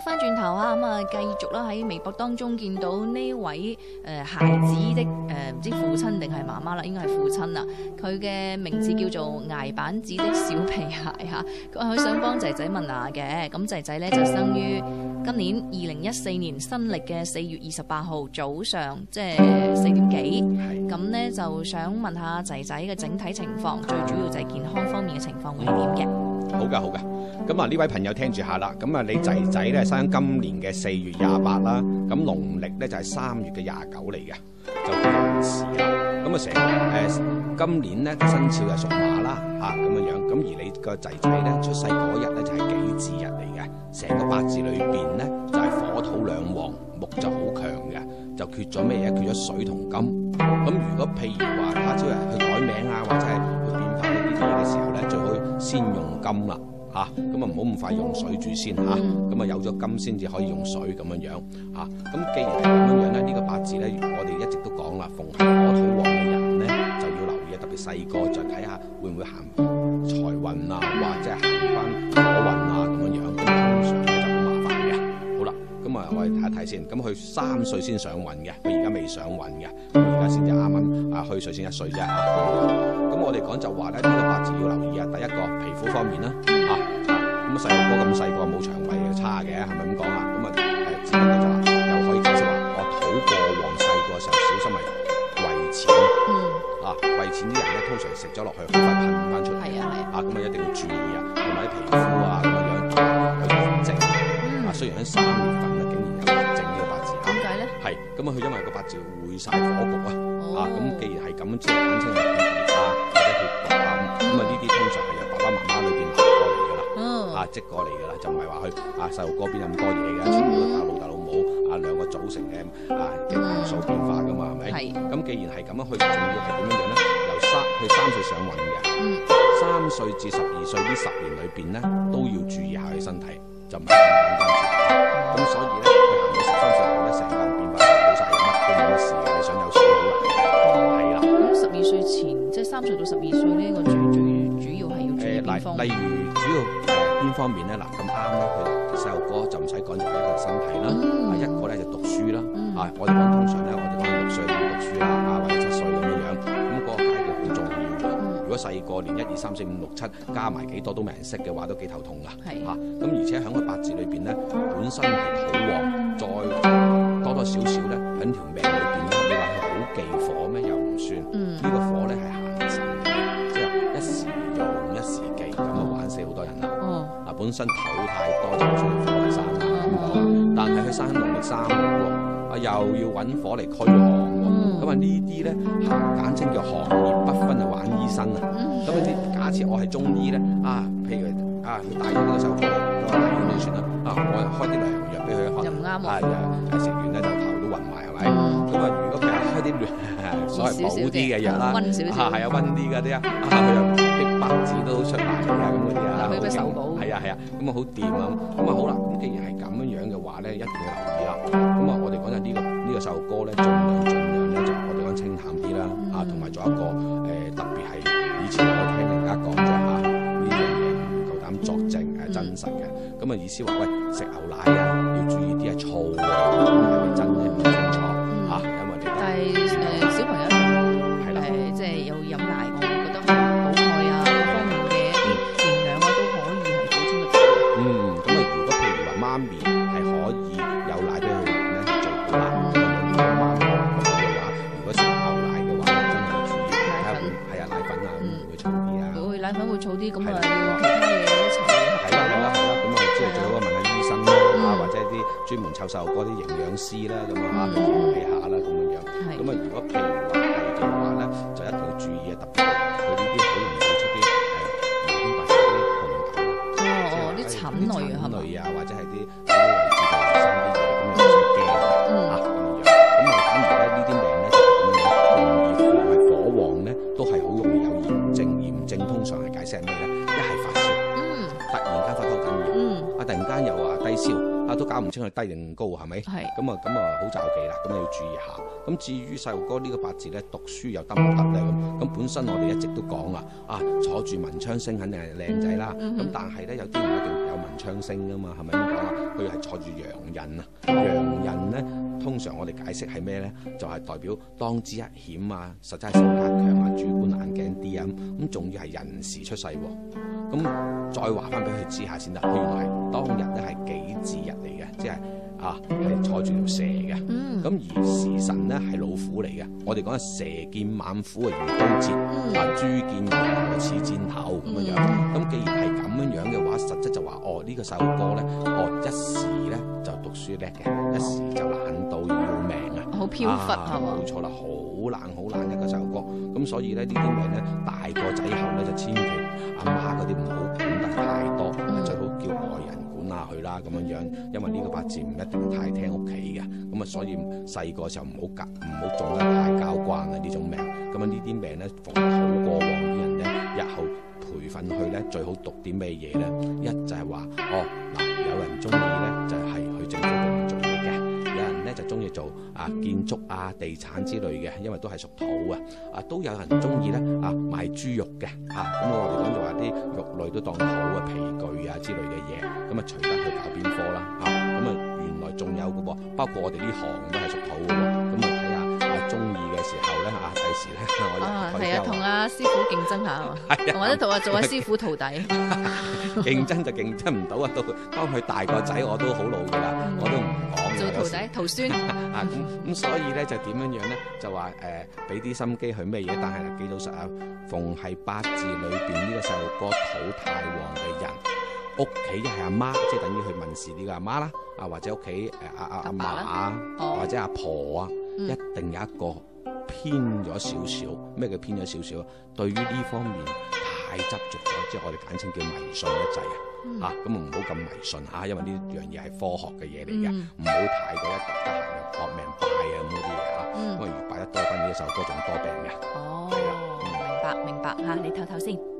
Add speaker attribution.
Speaker 1: 翻轉頭啊，咁啊繼續啦，喺微博當中見到呢位誒、呃、孩子的誒唔、呃、知父親定係媽媽啦，應該係父親啦，佢嘅名字叫做崖板子的小皮鞋吓，佢想幫仔仔問下嘅，咁仔仔咧就生於今年二零一四年新曆嘅四月二十八號早上，即係四點幾，咁呢，就想問下仔仔嘅整體情況，最主要就係健康方面嘅情況會點嘅。好噶，好噶。咁啊，呢位朋友聽住下啦。咁啊，你仔仔咧生今年嘅四月廿八啦，咁農曆咧就係三月嘅廿九嚟嘅，就寅時啦。咁啊，成誒、呃、今年咧生肖係屬馬啦，吓咁樣樣。咁、啊、而你個仔仔咧出世嗰日咧就係、是、己字日嚟嘅，成個八字裏邊咧就係、是、火土兩旺，木就好強嘅，就缺咗咩嘢？缺咗水同金。咁、啊、如果譬如話，即、啊、係去改名啊，或者係嘅時候咧，最好先用金啦，吓、啊，咁啊唔好咁快用水住先吓，咁啊有咗金先至可以用水咁樣樣嚇，咁、啊、既然係咁樣樣咧，呢、呢個八字咧，我哋一直都講啦，逢火土旺嘅人咧，就要留意，啊特別細個再睇下會唔會行財運啊，或者行翻土運、啊、運。睇先，咁佢三歲先上運嘅，佢而家未上運嘅，咁而家先至啱啱啊，虛歲先一歲啫嚇。咁我哋講就話咧，呢個八字要留意啊，第一個皮膚方面啦，啊，咁啊細路哥咁細個冇腸胃嘅，差嘅，係咪咁講啊？咁啊，只不過就話又可以解釋話，我肚過往細個時候小心係胃脹，啊胃脹啲人咧通常食咗落去好快噴翻出嚟，係啊係，啊咁啊一定要注意啊，同埋啲皮膚啊咁樣都有炎症，嗯，雖然喺三月份。咁佢因為個八字會曬火局、mm. 啊，母母、mm. 啊，啊，咁既然係咁樣，即係單親、離異啊，或者血過啊，咁啊，呢啲通常係由爸爸媽媽裏邊攞過嚟㗎啦，啊，即過嚟㗎啦，就唔係話佢啊細路哥邊有咁多嘢嘅。全部都由老豆老母啊兩個組成嘅啊，元素變化㗎嘛，係咪、mm.？咁、嗯、既然係咁樣，佢仲要係點樣樣咧？由三，佢三歲上運嘅，三歲至十二歲呢十年裏邊咧，都要注意下佢身體，就唔係咁關注。咁所以咧，佢行到十三歲後咧，成個。係想有前途啊！係啦，咁十二歲前，即係三歲到十二歲呢，我最最主要係要注誒，例例如主要邊、呃、方面咧？嗱，咁啱咧，佢細路哥就唔使講就係一個身體啦，嗯、一個咧就是、讀書啦，嗯、啊，我哋講通常咧，我哋講六歲要讀書啦、啊，啊，或者七歲咁樣樣，咁、那、嗰個係一個好重要嘅。嗯嗯、如果細個連一二三四五六七加埋幾多都未識嘅話，都幾頭痛噶，吓。咁、啊啊嗯、而且響個八字裏邊咧，本身係好旺，再。是多多少少咧喺條命裏邊咧，你話佢好忌火咩？又唔算，呢、嗯、個火咧係行神嘅，即係一時用，一時忌，咁啊玩死好多人啦。哦、嗯，嗱，本身頭太多就唔需要火嚟生、嗯、啦，咁、嗯、但係佢生喺農曆三月喎，啊又要揾火嚟驅寒喎，咁啊呢啲咧，簡稱叫行業不分就玩醫生啊，咁啲、嗯。嗯嗯似我係中醫咧，啊，譬如啊，佢帶咗呢個首歌，大熱算啦，啊，我開啲涼藥俾佢，啊，食完咧就頭都暈埋，係咪？咁啊，如果佢係開啲所謂補啲嘅藥啦，啊，係啊，溫啲嘅啲啊，佢又白紙都出埋嘅咁嗰啲啊，好補，係啊係啊，咁啊好掂啊，咁啊好啦，咁既然係咁樣嘅話咧，一定要留意啦。咁啊，我哋講緊呢個呢個首歌咧，儘量儘量咧就我哋講清淡啲啦，啊，同埋做一個誒特別係以前我聽嘅。咁啫吓呢樣嘢唔夠膽作證係真實嘅，咁啊意思話，喂，食牛奶啊。好啲咁啊，要其他嘢一齊。係啦係啦係啦，咁啊，即係最好啊，問下醫生啦，啊或者啲專門湊細路啲營養師啦，咁樣啊，咁睇下啦，咁樣樣係咁啊，如果又話低燒啊，都搞唔清佢低定高，係咪？係是。咁啊，咁啊，好詐忌啦。咁啊，要注意下。咁至於細路哥呢個八字咧，讀書又得唔得咧？咁，咁本身我哋一直都講啦，啊，坐住文昌星肯定係靚仔啦。咁、嗯嗯、但係咧，有啲唔一定有文昌星噶嘛，係咪咁講啊？佢係坐住洋人。啊。羊印咧，通常我哋解釋係咩咧？就係、是、代表當之一險啊，實際性格強啊，主觀眼鏡啲啊。咁仲要係人事出世喎、啊。咁。嗯再話翻俾佢知下先得，譬如話當日咧係幾字日嚟嘅，即係啊，係坐住條蛇嘅，咁而時辰咧係老虎嚟嘅，我哋講啊蛇見猛虎如刀截，啊豬見牛似箭頭咁樣樣，咁既然係。個呢個細路哥咧，哦一時咧就讀書叻嘅，一時就懶到要命啊！好飄忽係冇錯啦，好懶好懶一個細路哥，咁所以咧，呢啲命咧大個仔後咧就千祈阿媽嗰啲唔好管得太多，最好叫外人管下佢啦咁樣樣。因為呢個八字唔一定太聽屋企嘅。咁、嗯、啊，所以細個時候唔好教，唔好縱得太交關啊呢種命。咁啊，呢啲命咧，逢好過往啲人咧，日後。培訓去咧，最好讀啲咩嘢咧？一就係話，哦，嗱、呃，有人中意咧，就係、是、去政府度做嘢嘅；有人咧就中意做啊建築啊、地產之類嘅，因為都係屬土啊。啊，都有人中意咧，啊賣豬肉嘅，啊咁、嗯、我哋講就話啲肉類都當土啊，皮具啊之類嘅嘢，咁啊除得去搞邊科啦，啊咁啊、嗯、原來仲有嘅噃，包括我哋呢行都係屬土喎。時候咧啊，第時咧，我亦啊。同阿師傅競爭下，我都同啊做阿師傅徒弟。競爭就競爭唔到啊！當當佢大個仔，我都好老噶啦，我都唔講做徒弟、徒孫啊。咁咁，所以咧就點樣樣咧，就話誒俾啲心機佢咩嘢？但係記到實啊，逢係八字裏邊呢個細路哥土太旺嘅人，屋企係阿媽，即係等於去問事呢個阿媽啦。啊，或者屋企阿阿阿嫲啊，或者阿婆啊，一定有一個。偏咗少少，咩叫偏咗少少啊？對於呢方面太執著咗，即係我哋簡稱叫迷信一制、嗯、啊！嚇、嗯，咁唔好咁迷信嚇，因為呢樣嘢係科學嘅嘢嚟嘅，唔好太過一得閒就搏命拜咁嗰啲嘢嚇。因為越拜得多，呢首歌就多病嘅。哦，明白明白嚇，你唞唞先。